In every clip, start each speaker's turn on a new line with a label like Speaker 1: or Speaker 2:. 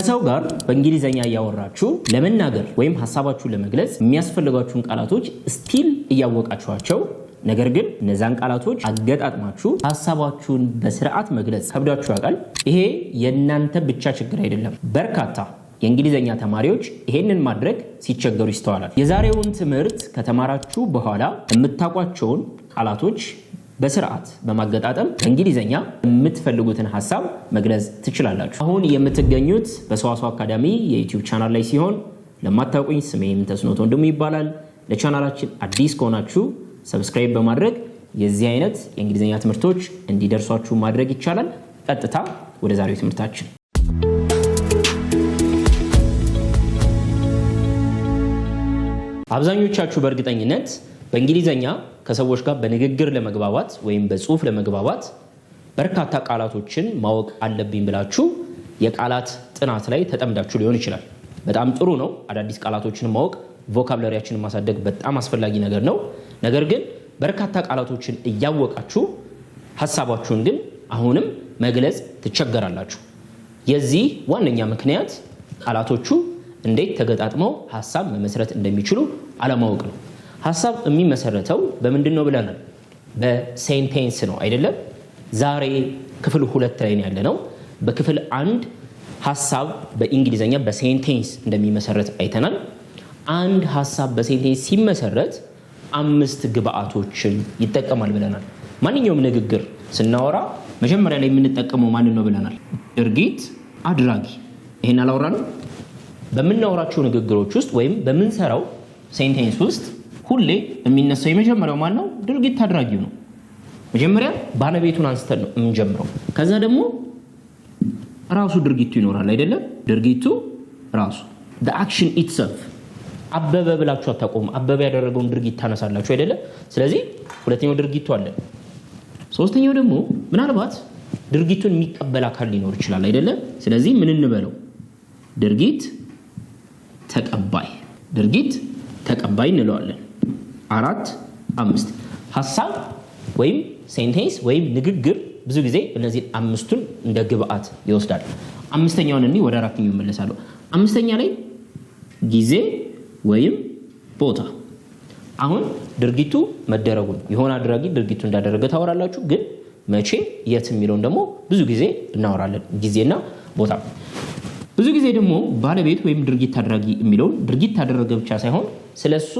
Speaker 1: ከሰው ጋር በእንግሊዘኛ እያወራችሁ ለመናገር ወይም ሀሳባችሁን ለመግለጽ የሚያስፈልጓችሁን ቃላቶች ስቲል እያወቃችኋቸው ነገር ግን እነዛን ቃላቶች አገጣጥማችሁ ሀሳባችሁን በስርዓት መግለጽ ከብዳችሁ ያውቃል። ይሄ የእናንተ ብቻ ችግር አይደለም። በርካታ የእንግሊዝኛ ተማሪዎች ይሄንን ማድረግ ሲቸገሩ ይስተዋላል። የዛሬውን ትምህርት ከተማራችሁ በኋላ የምታውቋቸውን ቃላቶች በስርዓት በማገጣጠም እንግሊዝኛ የምትፈልጉትን ሀሳብ መግለጽ ትችላላችሁ። አሁን የምትገኙት በሰዋሰው አካዳሚ የዩቲዩብ ቻናል ላይ ሲሆን ለማታውቁኝ ስሜም ተስኖት ወንድሙ ይባላል። ለቻናላችን አዲስ ከሆናችሁ ሰብስክራይብ በማድረግ የዚህ አይነት የእንግሊዝኛ ትምህርቶች እንዲደርሷችሁ ማድረግ ይቻላል። ቀጥታ ወደ ዛሬው ትምህርታችን አብዛኞቻችሁ በእርግጠኝነት በእንግሊዘኛ ከሰዎች ጋር በንግግር ለመግባባት ወይም በጽሁፍ ለመግባባት በርካታ ቃላቶችን ማወቅ አለብኝ ብላችሁ የቃላት ጥናት ላይ ተጠምዳችሁ ሊሆን ይችላል። በጣም ጥሩ ነው። አዳዲስ ቃላቶችን ማወቅ፣ ቮካብለሪያችንን ማሳደግ በጣም አስፈላጊ ነገር ነው። ነገር ግን በርካታ ቃላቶችን እያወቃችሁ ሀሳባችሁን ግን አሁንም መግለጽ ትቸገራላችሁ። የዚህ ዋነኛ ምክንያት ቃላቶቹ እንዴት ተገጣጥመው ሀሳብ መመስረት እንደሚችሉ አለማወቅ ነው። ሀሳብ የሚመሰረተው በምንድን ነው ብለናል? በሴንቴንስ ነው አይደለም? ዛሬ ክፍል ሁለት ላይ ያለ ነው። በክፍል አንድ ሀሳብ በእንግሊዝኛ በሴንቴንስ እንደሚመሰረት አይተናል። አንድ ሀሳብ በሴንቴንስ ሲመሰረት አምስት ግብአቶችን ይጠቀማል ብለናል። ማንኛውም ንግግር ስናወራ መጀመሪያ ላይ የምንጠቀመው ማንን ነው ብለናል? ድርጊት አድራጊ። ይህን አላወራንም። በምናወራቸው ንግግሮች ውስጥ ወይም በምንሰራው ሴንቴንስ ውስጥ ሁሌ የሚነሳው የመጀመሪያው ማን ነው? ድርጊት አድራጊው ነው። መጀመሪያ ባለቤቱን አንስተን ነው የምንጀምረው። ከዛ ደግሞ ራሱ ድርጊቱ ይኖራል አይደለም? ድርጊቱ ራሱ አክሽን ኢትሰልፍ አበበ ብላችሁ አታቆሙ። አበበ ያደረገውን ድርጊት ታነሳላችሁ አይደለም? ስለዚህ ሁለተኛው ድርጊቱ አለ። ሶስተኛው ደግሞ ምናልባት ድርጊቱን የሚቀበል አካል ሊኖር ይችላል አይደለም? ስለዚህ ምን እንበለው? ድርጊት ተቀባይ ድርጊት ተቀባይ እንለዋለን። አራት አምስት ሀሳብ ወይም ሴንቴንስ ወይም ንግግር ብዙ ጊዜ እነዚህን አምስቱን እንደ ግብአት ይወስዳል። አምስተኛውን እኔ ወደ አራተኛው እመለሳለሁ። አምስተኛ ላይ ጊዜ ወይም ቦታ። አሁን ድርጊቱ መደረጉን የሆነ አድራጊ ድርጊቱ እንዳደረገ ታወራላችሁ። ግን መቼ፣ የት የሚለውን ደግሞ ብዙ ጊዜ እናወራለን። ጊዜና ቦታ ብዙ ጊዜ ደግሞ ባለቤት ወይም ድርጊት አድራጊ የሚለውን ድርጊት ታደረገ ብቻ ሳይሆን ስለሱ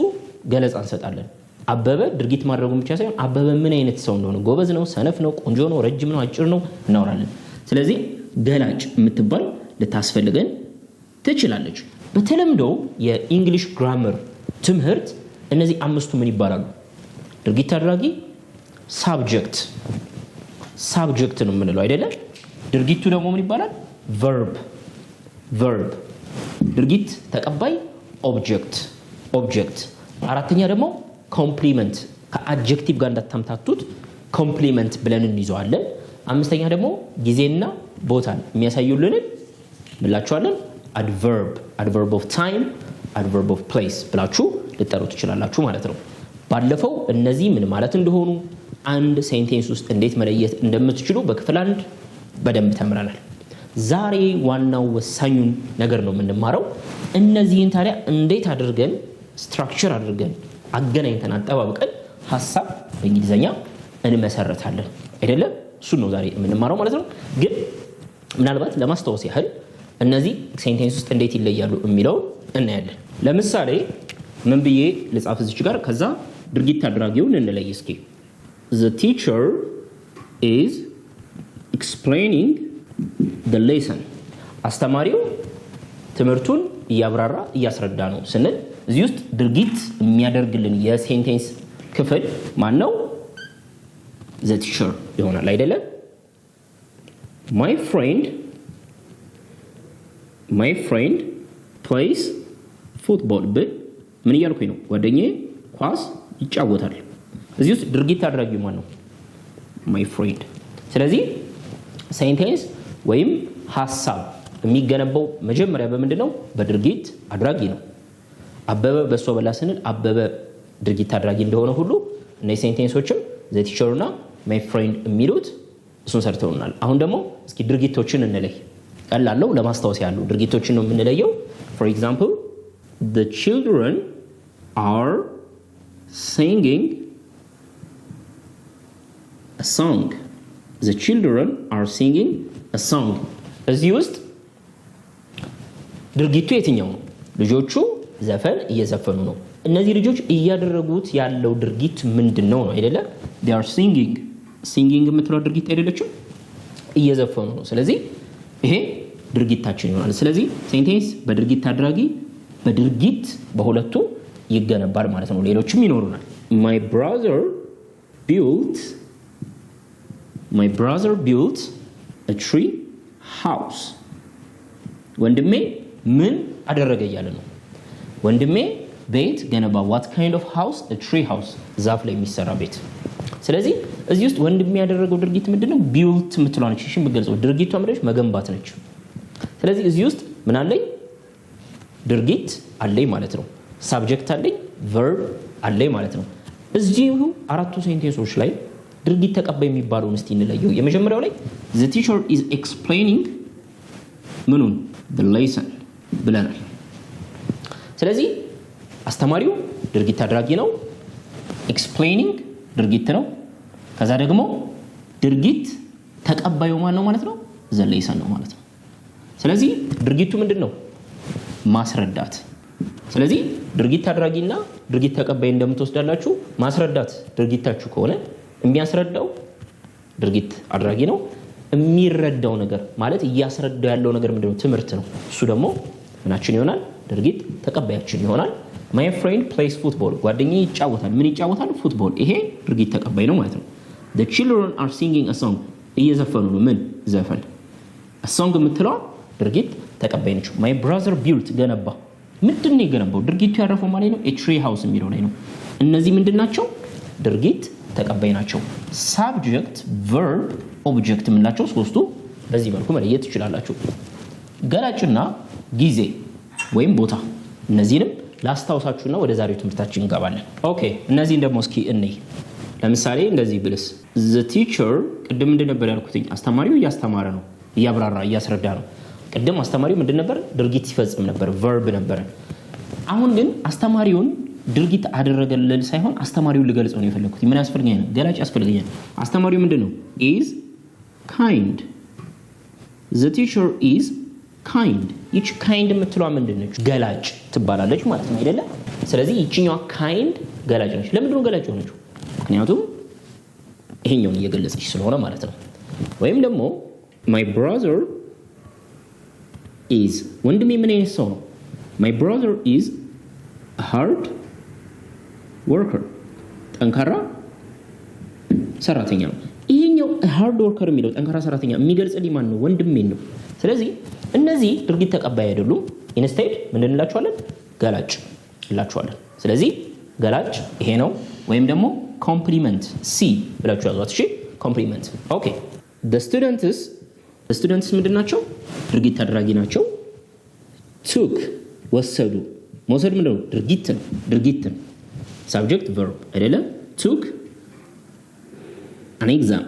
Speaker 1: ገለጻ እንሰጣለን። አበበ ድርጊት ማድረጉን ብቻ ሳይሆን አበበ ምን አይነት ሰው እንደሆነ ጎበዝ ነው፣ ሰነፍ ነው፣ ቆንጆ ነው፣ ረጅም ነው፣ አጭር ነው እናወራለን። ስለዚህ ገላጭ የምትባል ልታስፈልገን ትችላለች። በተለምዶ የኢንግሊሽ ግራመር ትምህርት እነዚህ አምስቱ ምን ይባላሉ? ድርጊት አድራጊ፣ ሳብጀክት ሳብጀክት ነው የምንለው አይደለም። ድርጊቱ ደግሞ ምን ይባላል? ቨርብ ቨርብ ድርጊት ተቀባይ ኦብጀክት ኦብጀክት አራተኛ ደግሞ ኮምፕሊመንት ከአጀክቲቭ ጋር እንዳታምታቱት ኮምፕሊመንት ብለን እንይዘዋለን። አምስተኛ ደግሞ ጊዜና ቦታን የሚያሳዩልንን ምላችኋለን። አድቨርብ፣ አድቨርብ ኦፍ ታይም፣ አድቨርብ ኦፍ ፕሌስ ብላችሁ ልጠሩ ትችላላችሁ ማለት ነው። ባለፈው እነዚህ ምን ማለት እንደሆኑ አንድ ሴንቴንስ ውስጥ እንዴት መለየት እንደምትችሉ በክፍል አንድ በደንብ ተምረናል። ዛሬ ዋናው ወሳኙን ነገር ነው የምንማረው። እነዚህን ታዲያ እንዴት አድርገን ስትራክቸር አድርገን አገናኝተን አጠባብቀን ሀሳብ በእንግሊዝኛ እንመሰረታለን አይደለም። እሱን ነው ዛሬ የምንማረው ማለት ነው። ግን ምናልባት ለማስታወስ ያህል እነዚህ ሴንቴንስ ውስጥ እንዴት ይለያሉ የሚለው እናያለን። ለምሳሌ ምን ብዬ ልጻፍ ዝች ጋር፣ ከዛ ድርጊት አድራጊውን እንለይ እስኪ። ዘ ቲቸር ኢዝ ኤክስፕሌኒንግ ሌሰን፣ አስተማሪው ትምህርቱን እያብራራ እያስረዳ ነው ስንል እዚህ ውስጥ ድርጊት የሚያደርግልን የሴንቴንስ ክፍል ማን ነው? ዘ ቲቸር ይሆናል አይደለም? ማይ ፍሬንድ ማይ ፍሬንድ ፕሌይስ ፉትቦል ብል ምን እያልኩኝ ነው? ጓደኛዬ ኳስ ይጫወታል። እዚህ ውስጥ ድርጊት አድራጊ ማን ነው? ማይ ፍሬንድ። ስለዚህ ሴንቴንስ ወይም ሀሳብ የሚገነባው መጀመሪያ በምንድን ነው? በድርጊት አድራጊ ነው። አበበ በሶ በላ ስንል አበበ ድርጊት አድራጊ እንደሆነ ሁሉ እነዚህ ሴንቴንሶችም ዘቲቸሩና ማይ ፍሬንድ የሚሉት እሱን ሰርተውናል። አሁን ደግሞ እስኪ ድርጊቶችን እንለይ። ቀላለው ለማስታወስ ያሉ ድርጊቶችን ነው የምንለየው። ፎር ኤግዛምፕል ዘ children አር ሲንግንግ ሶንግ። ዘ the አር ሲንግንግ ሶንግ። እዚህ ውስጥ ድርጊቱ የትኛው ነው? ልጆቹ ዘፈን እየዘፈኑ ነው። እነዚህ ልጆች እያደረጉት ያለው ድርጊት ምንድን ነው ነው አይደለ? ር የምትለው ድርጊት አይደለችም፣ እየዘፈኑ ነው። ስለዚህ ይሄ ድርጊታችን ይሆናል። ስለዚህ ሴንቴንስ በድርጊት አድራጊ በድርጊት በሁለቱ ይገነባል ማለት ነው። ሌሎችም ይኖሩናል። ማይ ብራዘር ቢልት ማይ ብራዘር ቢልት ትሪ ሃውስ ወንድሜ ምን አደረገ እያለ ነው ወንድሜ ቤት ገነባ ዋት ካይንድ ኦፍ ሃውስ ትሪ ሃውስ ዛፍ ላይ የሚሰራ ቤት ስለዚህ እዚህ ውስጥ ወንድሜ ያደረገው ድርጊት ምንድነው ቢውልት የምትሏ ነች ሽ ብገልጸው ድርጊቷ ምንድነች መገንባት ነች ስለዚህ እዚህ ውስጥ ምን አለኝ ድርጊት አለኝ ማለት ነው ሳብጀክት አለኝ ቨርብ አለኝ ማለት ነው እዚሁ አራቱ ሴንቴንሶች ላይ ድርጊት ተቀባይ የሚባለውን እስቲ እንለየው የመጀመሪያው ላይ ዘ ቲቸር ኢዝ ኤክስፕሌኒንግ ምኑን ሌሰን ብለናል ስለዚህ አስተማሪው ድርጊት አድራጊ ነው። ኤክስፕሌኒንግ ድርጊት ነው። ከዛ ደግሞ ድርጊት ተቀባዩ ማን ነው ማለት ነው? ዘለይሰን ነው ማለት ነው። ስለዚህ ድርጊቱ ምንድን ነው? ማስረዳት። ስለዚህ ድርጊት አድራጊና ድርጊት ተቀባይ እንደምትወስዳላችሁ ማስረዳት ድርጊታችሁ ከሆነ የሚያስረዳው ድርጊት አድራጊ ነው። የሚረዳው ነገር ማለት እያስረዳው ያለው ነገር ምንድነው ነው? ትምህርት ነው። እሱ ደግሞ ምናችን ይሆናል ድርጊት ተቀባያችን ይሆናል። ማይ ፍሬንድ ፕሌይስ ፉትቦል፣ ጓደኛ ይጫወታል። ምን ይጫወታል? ፉትቦል። ይሄ ድርጊት ተቀባይ ነው ማለት ነው። ዘ ችልድረን አር ሲንግንግ ሶንግ፣ እየዘፈኑ ነው። ምን ዘፈን? ሶንግ የምትለዋ ድርጊት ተቀባይ ነች። ማይ ብራዘር ቢልት፣ ገነባ። ምንድን ነው የገነባው? ድርጊቱ ያረፈው ማለት ነው ትሪ ሃውስ የሚለው ላይ ነው። እነዚህ ምንድን ናቸው? ድርጊት ተቀባይ ናቸው። ሳብጀክት፣ ቨርብ፣ ኦብጀክት የምንላቸው ሶስቱ በዚህ መልኩ መለየት ትችላላችሁ። ገላጭና ጊዜ ወይም ቦታ እነዚህንም ላስታውሳችሁና ወደ ዛሬው ትምህርታችን እንገባለን። ኦኬ እነዚህን ደግሞ እስኪ እንይ። ለምሳሌ እንደዚህ ብልስ ዘ ቲቸር ቅድም ምንድን ነበር ያልኩትኝ? አስተማሪው እያስተማረ ነው፣ እያብራራ እያስረዳ ነው። ቅድም አስተማሪው ምንድን ነበር? ድርጊት ሲፈጽም ነበር፣ ቨርብ ነበረ። አሁን ግን አስተማሪውን ድርጊት አደረገልን ሳይሆን አስተማሪውን ልገልጸው ነው የፈለግኩት። ምን ያስፈልገኛል? ገላጭ ያስፈልገኛል። አስተማሪው ምንድን ነው? ኢዝ ካይንድ ዘ ቲቸር ኢዝ ካይንድ ይቺ ካይንድ ምንድን ምንድነች? ገላጭ ትባላለች ማለት ነው አይደለም። ስለዚህ ይችኛዋ ካይንድ ገላጭ ነች። ለምንድነው ገላጭ የሆነችው? ምክንያቱም ይሄኛውን እየገለጸች ስለሆነ ማለት ነው። ወይም ደግሞ ማይ ብራዘር ኢዝ ወንድሜ ምን አይነት ሰው ነው? ማይ ብራዘር ኢዝ ሃርድ ወርከር ጠንካራ ሰራተኛ ነው። ይሄኛው ሃርድ ወርከር የሚለው ጠንካራ ሰራተኛ የሚገልጽልኝ ማን ነው? ወንድሜን ነው። ስለዚህ እነዚህ ድርጊት ተቀባይ አይደሉም። ኢንስቴድ ምንድን እንላቸዋለን? ገላጭ እንላቸዋለን። ስለዚህ ገላጭ ይሄ ነው። ወይም ደግሞ ኮምፕሊመንት ሲ ብላችሁ ያዟት። እሺ ኮምፕሊመንት ኦኬ። ስቱደንትስ ምንድን ናቸው? ድርጊት አድራጊ ናቸው። ቱክ ወሰዱ። መውሰድ ምንድን ነው? ድርጊት ነው። ድርጊት ነው። ሳብጀክት ቨርብ አይደለም። ቱክ አኔግዛም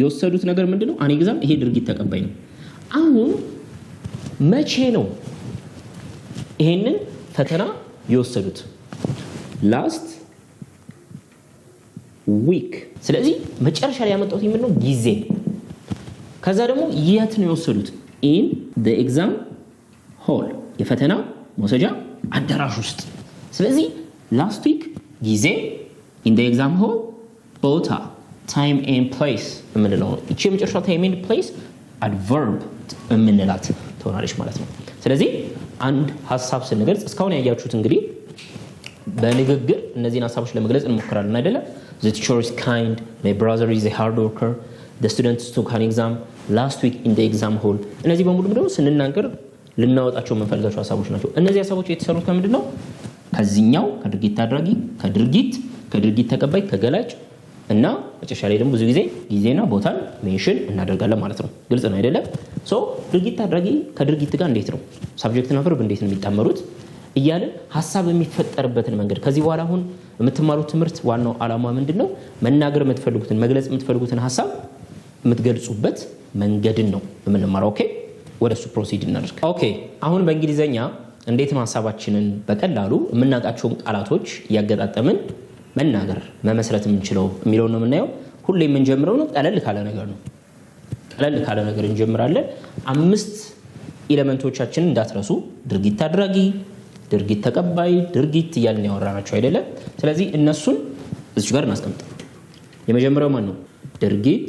Speaker 1: የወሰዱት ነገር ምንድን ነው? አን ኤግዛም ይሄ ድርጊት ተቀባይ ነው። አሁን መቼ ነው ይሄንን ፈተና የወሰዱት? ላስት ዊክ። ስለዚህ መጨረሻ ላይ ያመጣት የምንለው ጊዜ፣ ከዛ ደግሞ የት ነው የወሰዱት? ኢን ኤግዛም ሆል፣ የፈተና መውሰጃ አዳራሽ ውስጥ። ስለዚህ ላስት ዊክ ጊዜ፣ ኢን ኤግዛም ሆል ቦታ፣ ታይም ኤንድ ፕሌስ የምንለው ይቺ የመጨረሻ ታይም ኤንድ ፕሌስ አድቨርብ የምንላት ትሆናለች ማለት ነው። ስለዚህ አንድ ሀሳብ ስንገልጽ እስካሁን ያያችሁት እንግዲህ በንግግር እነዚህን ሀሳቦች ለመግለጽ እንሞክራለን አይደለም። ዘ ቲቸር ኢዝ ካይንድ፣ ማይ ብራዘር ኢዝ ሃርድ ወርከር፣ ዘ ስቱደንትስ ቱክ አን ኤግዛም፣ ላስት ዊክ ኢን ዘ ኤግዛም ሆል። እነዚህ በሙሉ ደግሞ ስንናገር ልናወጣቸው የምንፈልጋቸው ሀሳቦች ናቸው። እነዚህ ሀሳቦች የተሰሩት ከምንድን ነው? ከድርጊት አድራጊ፣ ከድርጊት ከድርጊት ተቀባይ፣ ከገላጭ እና መጨረሻ ላይ ደግሞ ብዙ ጊዜ ጊዜና ቦታን ሜንሽን እናደርጋለን ማለት ነው። ግልጽ ነው አይደለም? ድርጊት አድራጊ ከድርጊት ጋር እንዴት ነው ሳብጀክትና ፍርብ እንዴት ነው የሚጣመሩት እያልን ሀሳብ የሚፈጠርበትን መንገድ ከዚህ በኋላ አሁን የምትማሩት ትምህርት ዋናው ዓላማ ምንድን ነው? መናገር የምትፈልጉትን መግለጽ የምትፈልጉትን ሀሳብ የምትገልጹበት መንገድን ነው የምንማረው። ኦኬ፣ ወደ እሱ ፕሮሲድ እናደርግ። ኦኬ፣ አሁን በእንግሊዘኛ እንዴት ሀሳባችንን በቀላሉ የምናውቃቸውን ቃላቶች እያገጣጠምን መናገር መመስረት የምንችለው የሚለው ነው የምናየው። ሁሌ የምንጀምረው ነው ቀለል ካለ ነገር ነው። ቀለል ካለ ነገር እንጀምራለን። አምስት ኢለመንቶቻችንን እንዳትረሱ። ድርጊት አድራጊ፣ ድርጊት ተቀባይ፣ ድርጊት እያልን ያወራናቸው አይደለም። ስለዚህ እነሱን እዚች ጋር እናስቀምጥ። የመጀመሪያው ማን ነው? ድርጊት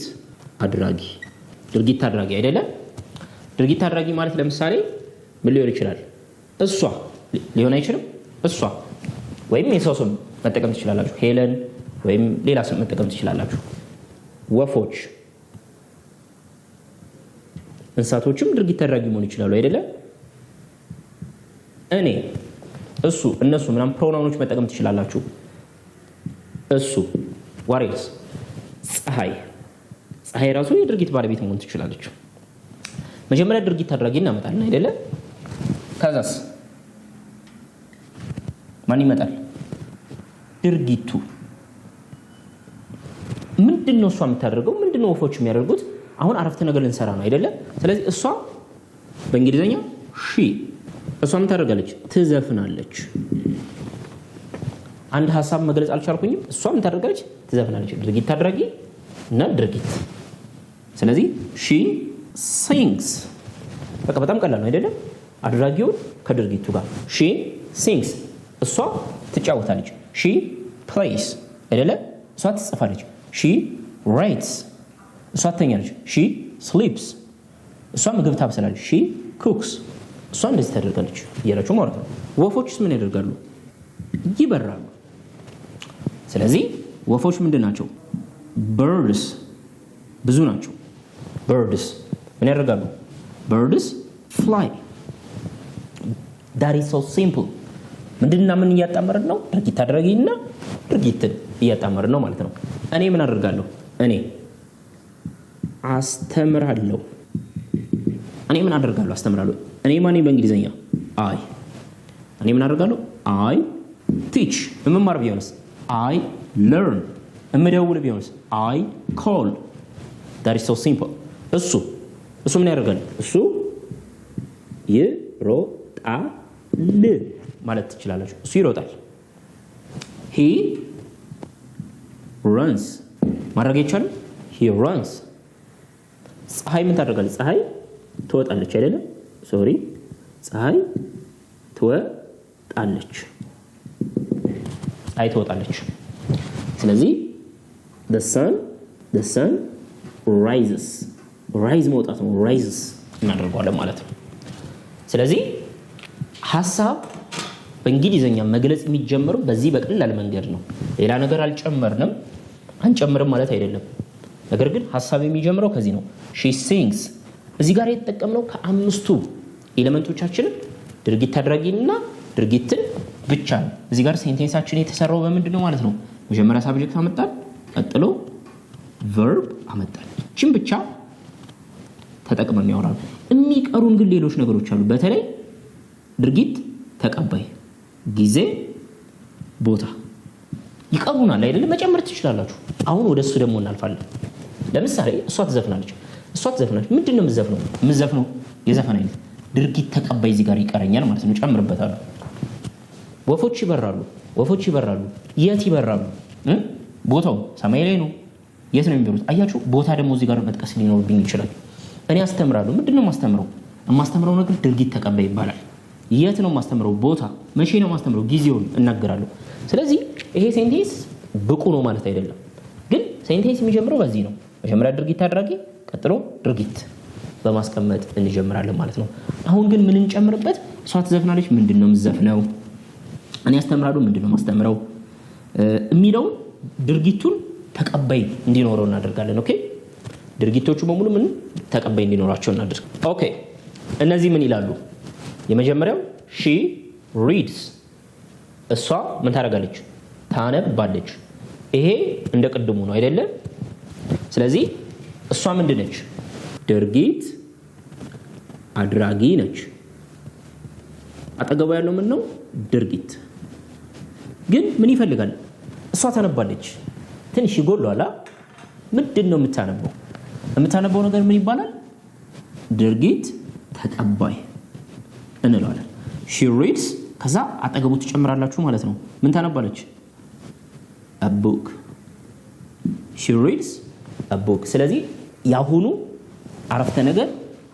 Speaker 1: አድራጊ። ድርጊት አድራጊ አይደለም። ድርጊት አድራጊ ማለት ለምሳሌ ምን ሊሆን ይችላል? እሷ ሊሆን አይችልም። እሷ ወይም የሰው ስም መጠቀም ትችላላችሁ። ሄለን ወይም ሌላ ስም መጠቀም ትችላላችሁ። ወፎች እንስሳቶችም ድርጊት ተደራጊ መሆን ይችላሉ አይደለም። እኔ፣ እሱ፣ እነሱ ምናምን ፕሮናኖች መጠቀም ትችላላችሁ። እሱ ዋሬስ ፀሐይ ፀሐይ ራሱ የድርጊት ባለቤት መሆን ትችላለች። መጀመሪያ ድርጊት ተደራጊ እናመጣለን አይደለም። ከዛስ ማን ይመጣል? ድርጊቱ ምንድን ነው? እሷ የምታደርገው ምንድን ነው? ወፎች የሚያደርጉት አሁን አረፍተ ነገር ልንሰራ ነው አይደለም? ስለዚህ እሷ በእንግሊዝኛ ሺ እሷ የምታደርጋለች ትዘፍናለች። አንድ ሀሳብ መግለጽ አልቻልኩኝም። እሷ ምታደርጋለች ትዘፍናለች። ድርጊት ታድራጊ እና ድርጊት። ስለዚህ ሺ ሲንግስ። በቃ በጣም ቀላል ነው አይደለም? አድራጊውን ከድርጊቱ ጋር ሺ ሲንግስ፣ እሷ ትጫወታለች። ሺ ፕሌይስ አይደለ? እሷ ትጽፋለች። ሺ ራይትስ። እሷ ትተኛለች። ሺ ስሊፕስ። እሷ ምግብ ታብሰላለች። ሺ ኩክስ። እሷ እንደዚህ ታደርጋለች እያላችሁ ማለት ነው። ወፎችስ ምን ያደርጋሉ? ይበራሉ። ስለዚህ ወፎች ምንድን ናቸው? በርድስ ብዙ ናቸው። በርድስ ምን ያደርጋሉ? በርድስ ፍላይ ዳሪ ሶ ሲምፕል ምንድንና ምን እያጣመርን ነው? ድርጊት አድራጊና ድርጊትን እያጣመርን ነው ማለት ነው። እኔ ምን አደርጋለሁ? እኔ አስተምራለሁ። እኔ ምን አደርጋለሁ? አስተምራለሁ። እኔ ማን በእንግሊዝኛ አይ። እኔ ምን አደርጋለሁ? አይ ቲች። የምማር ቢሆንስ? አይ ለርን። የምደውል ቢሆንስ? አይ ኮል። ዳት ኢዝ ሶ ሲምፕል። እሱ እሱ ምን ያደርጋል? እሱ ይሮጣል። ማለት ትችላላችሁ። እሱ ይሮጣል። ሂ ረንስ ማድረግ ይቻላል? ሂ ፀሐይ ምን ታደርጋለች? ፀሐይ ትወጣለች አይደለም? ሶሪ፣ ፀሐይ ትወጣለች። ፀሐይ ትወጣለች። ስለዚህ ሰን ሰን ራይዝስ ራይዝ መውጣት ነው። ራይዝስ እናደርገዋለን ማለት ነው። ስለዚህ ሀሳብ በእንግሊዝኛ መግለጽ የሚጀምረው በዚህ በቀላል መንገድ ነው። ሌላ ነገር አልጨመርንም፣ አንጨምርም ማለት አይደለም። ነገር ግን ሀሳብ የሚጀምረው ከዚህ ነው። ሺ ሲንግስ እዚህ ጋር የተጠቀምነው ከአምስቱ ኤሌመንቶቻችንን ድርጊት አድራጊንና ድርጊትን ብቻ ነው። እዚህ ጋር ሴንቴንሳችን የተሰራው በምንድን ነው ማለት ነው? መጀመሪያ ሳብጀክት አመጣን፣ ቀጥሎ ቨርብ አመጣን። ይህችን ብቻ ተጠቅመን ያወራሉ። የሚቀሩን ግን ሌሎች ነገሮች አሉ። በተለይ ድርጊት ተቀባይ ጊዜ፣ ቦታ ይቀሩናል አይደለም፣ መጨመር ትችላላችሁ። አሁን ወደ እሱ ደግሞ እናልፋለን። ለምሳሌ እሷ ትዘፍናለች፣ እሷ ትዘፍናለች። ምንድን ነው የምዘፍነው? የምዘፍነው የዘፈን አይነት ድርጊት ተቀባይ እዚህ ጋር ይቀረኛል ማለት ነው። ጨምርበታሉ ወፎች ይበራሉ፣ ወፎች ይበራሉ። የት ይበራሉ? ቦታው ሰማይ ላይ ነው። የት ነው የሚበሩት? አያችሁ፣ ቦታ ደግሞ እዚህ ጋር መጥቀስ ሊኖርብኝ ይችላል። እኔ አስተምራሉ ምንድን ነው የማስተምረው? የማስተምረው ነገር ድርጊት ተቀባይ ይባላል። የት ነው ማስተምረው፣ ቦታ መቼ ነው ማስተምረው፣ ጊዜውን እናገራለሁ። ስለዚህ ይሄ ሴንቴንስ ብቁ ነው ማለት አይደለም። ግን ሴንቴንስ የሚጀምረው በዚህ ነው። መጀመሪያ ድርጊት አድራጊ፣ ቀጥሎ ድርጊት በማስቀመጥ እንጀምራለን ማለት ነው። አሁን ግን ምን እንጨምርበት? እሷ ትዘፍናለች፣ ምንድን ነው እኔ ያስተምራሉ፣ ምንድን ነው ማስተምረው? የሚለውን ድርጊቱን ተቀባይ እንዲኖረው እናደርጋለን። ኦኬ ድርጊቶቹ በሙሉ ምን ተቀባይ እንዲኖራቸው እናደርግ። ኦኬ እነዚህ ምን ይላሉ? የመጀመሪያው ሺ ሪድስ እሷ ምን ታደርጋለች? ታነባለች። ይሄ እንደ ቅድሙ ነው አይደለም? ስለዚህ እሷ ምንድን ነች? ድርጊት አድራጊ ነች። አጠገቧ ያለው ምን ነው? ድርጊት ግን ምን ይፈልጋል? እሷ ታነባለች። ትንሽ ይጎሏላ። ምንድን ነው የምታነበው? የምታነበው ነገር ምን ይባላል? ድርጊት ተቀባይ እንለዋለን። ሺ ሪድስ ከዛ አጠገቡ ትጨምራላችሁ ማለት ነው። ምን ታነባለች? ቡክ ሺ ሪድስ ቡክ። ስለዚህ ያሁኑ አረፍተ ነገር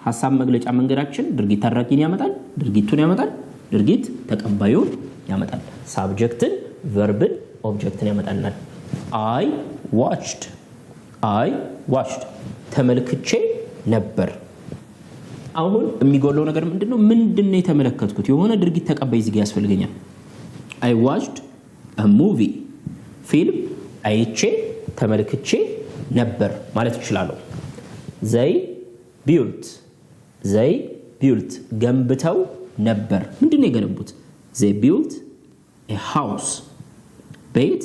Speaker 1: ሀሳብ መግለጫ መንገዳችን ድርጊት ታራቂን ያመጣል፣ ድርጊቱን ያመጣል፣ ድርጊት ተቀባዩን ያመጣል፣ ሳብጀክትን፣ ቨርብን፣ ኦብጀክትን ያመጣልናል። አይ ዋችድ አይ ዋችድ ተመልክቼ ነበር አሁን የሚጎለው ነገር ምንድነው? ነው የተመለከትኩት? የሆነ ድርጊት ተቀባይ ዜጋ ያስፈልገኛል። አይ ዋችድ ሙቪ ፊልም አይቼ ተመልክቼ ነበር ማለት እችላለሁ። ዘይ ቢውልት ዘይ ቢልት ገንብተው ነበር። ምንድነው የገነቡት? ዘይ ቢውልት ሃውስ ቤት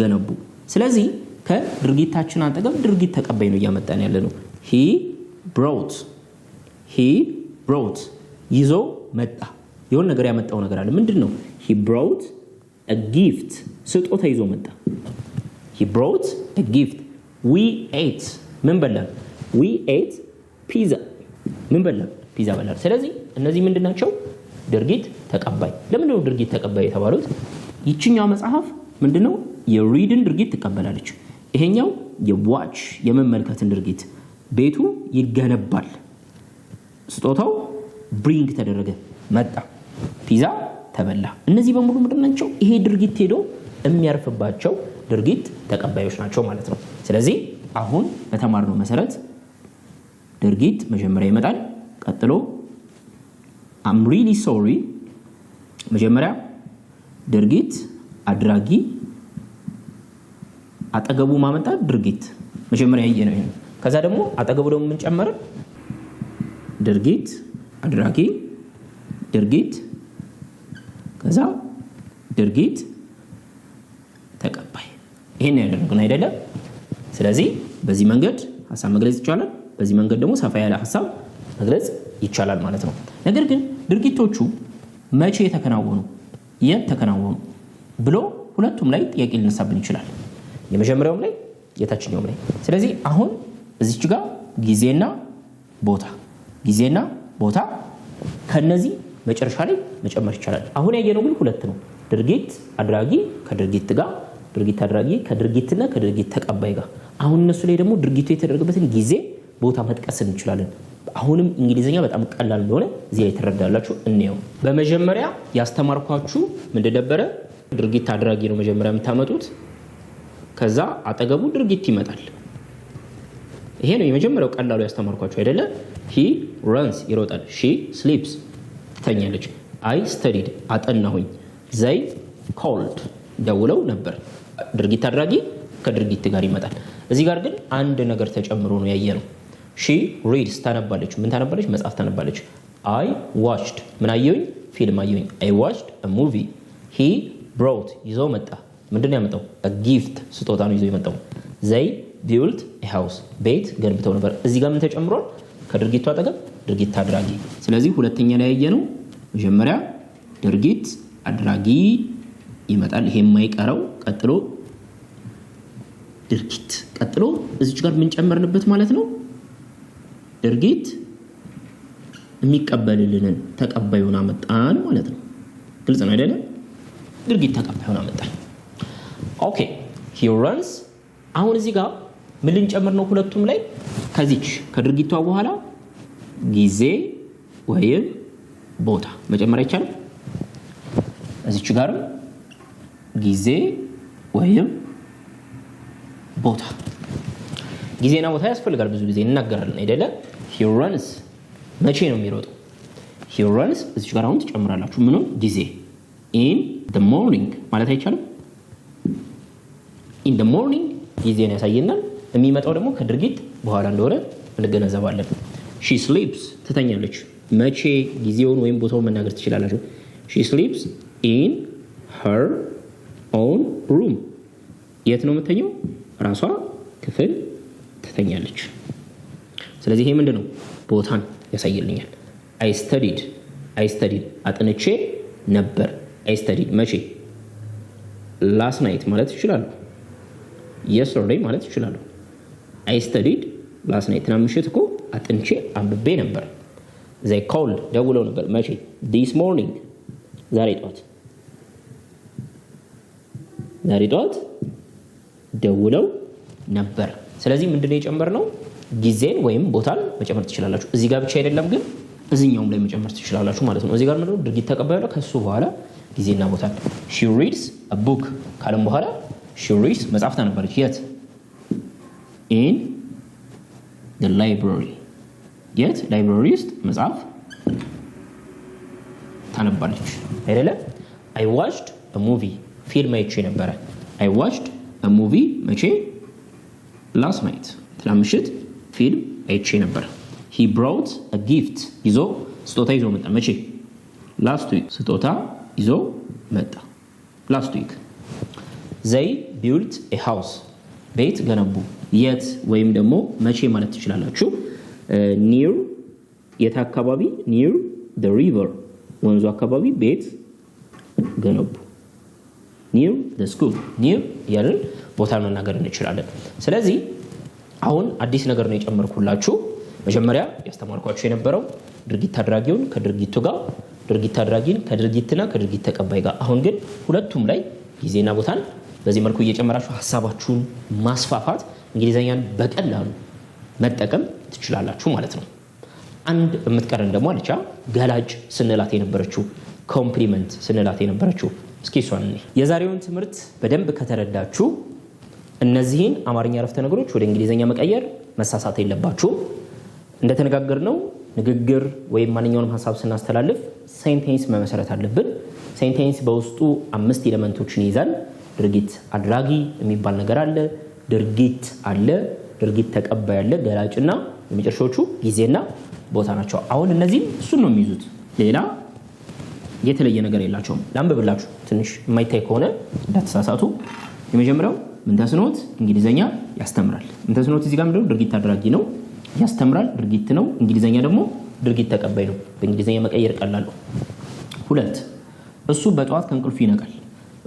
Speaker 1: ገነቡ። ስለዚህ ከድርጊታችን አጠገብ ድርጊት ተቀባይ ነው እያመጣን ያለ ነው። ሂ ብሮት ሂ ብሮት ይዞ መጣ። የሆን ነገር ያመጣው ነገር አለ። ምንድን ነው? ሂ ብሮት ጊፍት ስጦታ ይዞ መጣ። ሂ ብሮት ጊፍት። ዊ ኤት ምን በላን? ዊ ኤት ፒዛ። ምን በላን? ፒዛ በላን። ስለዚህ እነዚህ ምንድን ናቸው? ድርጊት ተቀባይ። ለምንድን ነው ድርጊት ተቀባይ የተባሉት? ይችኛው መጽሐፍ ምንድን ነው? የሪድን ድርጊት ትቀበላለች። ይሄኛው የዋች የመመልከትን ድርጊት ቤቱ ይገነባል። ስጦታው ብሪንግ ተደረገ፣ መጣ፣ ፒዛ ተበላ። እነዚህ በሙሉ ምድር ናቸው? ይሄ ድርጊት ሄዶ የሚያርፍባቸው ድርጊት ተቀባዮች ናቸው ማለት ነው። ስለዚህ አሁን በተማርነው መሰረት ድርጊት መጀመሪያ ይመጣል። ቀጥሎ አም ሪሊ ሶሪ፣ መጀመሪያ ድርጊት አድራጊ አጠገቡ ማመጣት ድርጊት መጀመሪያ ነው። ከዛ ደግሞ አጠገቡ ደግሞ ምን ድርጊት አድራጊ ድርጊት ከዛ ድርጊት ተቀባይ። ይሄን ያደረግን አይደለም። ስለዚህ በዚህ መንገድ ሀሳብ መግለጽ ይቻላል። በዚህ መንገድ ደግሞ ሰፋ ያለ ሀሳብ መግለጽ ይቻላል ማለት ነው። ነገር ግን ድርጊቶቹ መቼ የተከናወኑ፣ የት ተከናወኑ ብሎ ሁለቱም ላይ ጥያቄ ሊነሳብን ይችላል። የመጀመሪያውም ላይ የታችኛውም ላይ። ስለዚህ አሁን እዚች ጋር ጊዜና ቦታ ጊዜና ቦታ ከነዚህ መጨረሻ ላይ መጨመር ይቻላል። አሁን ያየነው ግን ሁለት ነው። ድርጊት አድራጊ ከድርጊት ጋር ድርጊት አድራጊ ከድርጊትና ከድርጊት ተቀባይ ጋር። አሁን እነሱ ላይ ደግሞ ድርጊቱ የተደረገበትን ጊዜ ቦታ መጥቀስ እንችላለን። አሁንም እንግሊዝኛ በጣም ቀላል እንደሆነ እዚህ ላይ ትረዳላችሁ። እንየው። በመጀመሪያ ያስተማርኳችሁ ምንድን ነበረ? ድርጊት አድራጊ ነው መጀመሪያ የምታመጡት። ከዛ አጠገቡ ድርጊት ይመጣል። ይሄ ነው የመጀመሪያው ቀላሉ ያስተማርኳቸው አይደለ? ሂ ረንስ ይሮጣል፣ ሺ ስሊፕስ ትተኛለች፣ አይ ስተዲድ አጠናሁኝ፣ ዘይ ኮልድ ደውለው ነበር። ድርጊት አድራጊ ከድርጊት ጋር ይመጣል። እዚህ ጋር ግን አንድ ነገር ተጨምሮ ነው ያየ ነው። ሺ ሪድስ ታነባለች፣ ምን ታነባለች? መጽሐፍ ታነባለች። አይ ዋችድ ምን አየሁኝ? ፊልም አየሁኝ። አይ ዋችድ ሙቪ። ሂ ብሮት ይዞ መጣ፣ ምንድን ነው ያመጣው? ጊፍት ስጦታ ነው ይዞ የመጣው ዘይ ቢውልድ ሃውስ ቤት ገንብተው ነበር። እዚህ ጋር ምን ተጨምሯል? ከድርጊቱ አጠገብ ድርጊት አድራጊ። ስለዚህ ሁለተኛ ላይ ያየነው መጀመሪያ ድርጊት አድራጊ ይመጣል፣ ይሄ የማይቀረው ቀጥሎ ድርጊት ቀጥሎ እዚች ጋር የምንጨመርንበት ማለት ነው። ድርጊት የሚቀበልልንን ተቀባዩን አመጣን ማለት ነው። ግልጽ ነው አይደለም? ድርጊት ተቀባዩን አመጣን። ኦኬ ሂ ረንስ አሁን እዚህ ጋር ምን ልንጨምር ነው? ሁለቱም ላይ ከዚች ከድርጊቷ በኋላ ጊዜ ወይም ቦታ መጨመር አይቻልም። እዚች ጋርም ጊዜ ወይም ቦታ ጊዜና ቦታ ያስፈልጋል። ብዙ ጊዜ እናገራለን አይደለ? ሂሩንስ መቼ ነው የሚሮጠው? ሂሩንስ እዚች ጋር አሁን ትጨምራላችሁ። ምኑን? ጊዜ ኢን ሞርኒንግ ማለት አይቻልም። ኢን ደ ሞርኒንግ ጊዜን ያሳየናል። የሚመጣው ደግሞ ከድርጊት በኋላ እንደሆነ እንገነዘባለን። ሺ ስሊፕስ ትተኛለች። መቼ ጊዜውን ወይም ቦታውን መናገር ትችላላችሁ። ሺ ስሊፕስ ኢን ሄር ኦን ሩም። የት ነው የምተኘው? ራሷ ክፍል ትተኛለች። ስለዚህ ይሄ ምንድን ነው? ቦታን ያሳይልኛል። አይስተዲድ አይስተዲድ አጥንቼ ነበር። አይስተዲድ መቼ? ላስት ናይት ማለት ይችላሉ። የስተርዴይ ማለት ይችላሉ። አይ ስተዲድ ላስ ናይት ምሽት እኮ አጥንቼ አንብቤ ነበር። ዘይ ኮል ደውለው ነበር። መቼ? ዲስ ሞርኒንግ ዛሬ ጠዋት ዛሬ ጠዋት ደውለው ነበር። ስለዚህ ምንድነው የጨመርነው? ጊዜን ወይም ቦታን መጨመር ትችላላችሁ። እዚህ ጋር ብቻ አይደለም ግን እዚኛውም ላይ መጨመር ትችላላችሁ ማለት ነው። እዚህ ጋር ምንድነው ድርጊት ተቀባይ ከሱ በኋላ ጊዜና ቦታ ሺ ሪድስ ቡክ ካለም በኋላ ሺ ሪድስ መጽሐፍ ታነበረች የት ኢን ላይብራሪ የት ላይብራሪ ውስጥ መጽሐፍ ታነባለች አይደለም። አይ ዋችድ ሙቪ ፊልም አይቼ ነበረ። አይ ዋችድ ሙቪ መቼ? ላስ ናይት ትናንት ፊልም አይቼ ነበረ። ሂ ብራውት ጊፍት ይዞ ስጦታ ይዞ መጣ። መቼ? ላስት ዊክ ስጦታ ይዞ መጣ። ላስት ዊክ ዘይ ቢውልት ሃውስ ቤት ገነቡ የት ወይም ደግሞ መቼ ማለት ትችላላችሁ። ኒር የት አካባቢ? ኒር ሪቨር ወንዙ አካባቢ ቤት ገነቡ። ኒር ደ ስኩል ኒር እያልን ቦታን መናገር እንችላለን። ስለዚህ አሁን አዲስ ነገር ነው የጨመርኩላችሁ። መጀመሪያ ያስተማርኳችሁ የነበረው ድርጊት አድራጊውን ከድርጊቱ ጋር ድርጊት አድራጊን ከድርጊትና ከድርጊት ተቀባይ ጋር። አሁን ግን ሁለቱም ላይ ጊዜና ቦታን በዚህ መልኩ እየጨመራችሁ ሀሳባችሁን ማስፋፋት እንግሊዘኛን በቀላሉ መጠቀም ትችላላችሁ ማለት ነው። አንድ የምትቀረን ደግሞ አለቻ ገላጭ ስንላት የነበረችው ኮምፕሊመንት ስንላት የነበረችው እስኪ እሷን የዛሬውን ትምህርት በደንብ ከተረዳችሁ እነዚህን አማርኛ ረፍተ ነገሮች ወደ እንግሊዝኛ መቀየር መሳሳት የለባችሁም። ነው ንግግር ወይም ማንኛውንም ሀሳብ ስናስተላልፍ ሴንቴንስ መመሰረት አለብን። ሴንቴንስ በውስጡ አምስት ኤሌመንቶችን ይይዛል። ድርጊት አድራጊ የሚባል ነገር አለ። ድርጊት አለ፣ ድርጊት ተቀባይ አለ፣ ገላጭና የመጨረሻዎቹ ጊዜና ቦታ ናቸው። አሁን እነዚህም እሱን ነው የሚይዙት። ሌላ የተለየ ነገር የላቸውም። ላንብብላችሁ ትንሽ የማይታይ ከሆነ እንዳተሳሳቱ። የመጀመሪያው ምንተስኖት እንግሊዘኛ ያስተምራል። ምንተስኖት እዚህ ጋር ምንድነው? ድርጊት አድራጊ ነው። ያስተምራል ድርጊት ነው። እንግሊዘኛ ደግሞ ድርጊት ተቀባይ ነው። በእንግሊዘኛ መቀየር ቀላል ነው። ሁለት እሱ በጠዋት ከእንቅልፉ ይነቃል።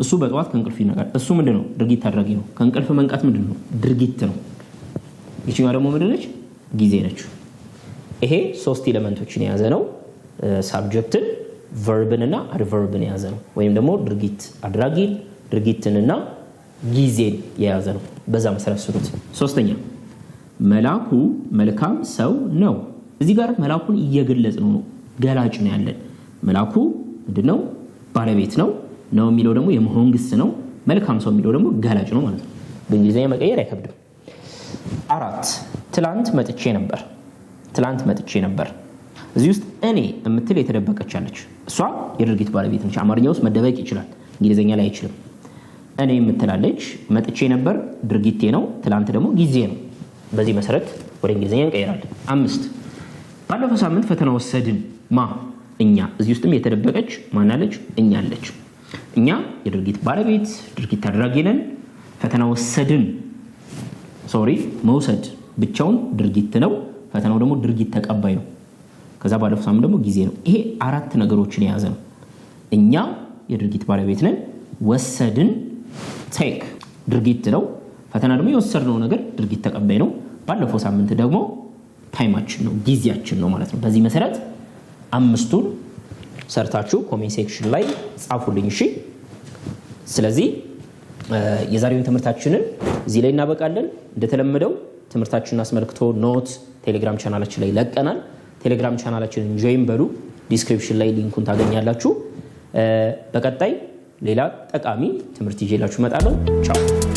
Speaker 1: እሱ በጠዋት ከእንቅልፍ ይነቃል። እሱ ምንድን ነው? ድርጊት አድራጊ ነው። ከእንቅልፍ መንቃት ምንድን ነው? ድርጊት ነው። ይችኛ ደግሞ ምንድነች? ጊዜ ነች። ይሄ ሶስት ኤሌመንቶችን የያዘ ነው። ሳብጀክትን፣ ቨርብን እና አድቨርብን የያዘ ነው። ወይም ደግሞ ድርጊት አድራጊን፣ እና ጊዜን የያዘ ነው። በዛ መሰረት ስሩት። ሶስተኛ መላኩ መልካም ሰው ነው። እዚህ ጋር መላኩን እየገለጽ ነው ነው ገላጭ ነው ያለን። መላኩ ምንድነው? ባለቤት ነው ነው የሚለው ደግሞ የመሆን ግስ ነው። መልካም ሰው የሚለው ደግሞ ገላጭ ነው ማለት ነው። በእንግሊዝኛ መቀየር አይከብድም። አራት ትላንት መጥቼ ነበር። ትላንት መጥቼ ነበር። እዚህ ውስጥ እኔ የምትል የተደበቀች አለች። እሷ የድርጊት ባለቤት ነች። አማርኛ ውስጥ መደበቅ ይችላል፣ እንግሊዝኛ ላይ አይችልም። እኔ የምትላለች መጥቼ ነበር ድርጊቴ ነው፣ ትላንት ደግሞ ጊዜ ነው። በዚህ መሰረት ወደ እንግሊዝኛ እንቀይራለን። አምስት ባለፈው ሳምንት ፈተና ወሰድን። ማ እኛ። እዚህ ውስጥም የተደበቀች ማናለች? እኛለች እኛ የድርጊት ባለቤት ድርጊት ታደራጊ ነን። ፈተና ወሰድን ሶሪ መውሰድ ብቻውን ድርጊት ነው። ፈተናው ደግሞ ድርጊት ተቀባይ ነው። ከዛ ባለፈው ሳምንት ደግሞ ጊዜ ነው። ይሄ አራት ነገሮችን የያዘ ነው። እኛ የድርጊት ባለቤት ነን። ወሰድን ቴክ ድርጊት ነው። ፈተና ደግሞ የወሰድነው ነገር ድርጊት ተቀባይ ነው። ባለፈው ሳምንት ደግሞ ታይማችን ነው ጊዜያችን ነው ማለት ነው። በዚህ መሰረት አምስቱን ሰርታችሁ ኮሜንት ሴክሽን ላይ ጻፉልኝ። እሺ። ስለዚህ የዛሬውን ትምህርታችንን እዚህ ላይ እናበቃለን። እንደተለመደው ትምህርታችንን አስመልክቶ ኖት ቴሌግራም ቻናላችን ላይ ለቀናል። ቴሌግራም ቻናላችንን ጆይን በሉ። ዲስክሪፕሽን ላይ ሊንኩን ታገኛላችሁ። በቀጣይ ሌላ ጠቃሚ ትምህርት ይዤላችሁ እመጣለሁ። ቻው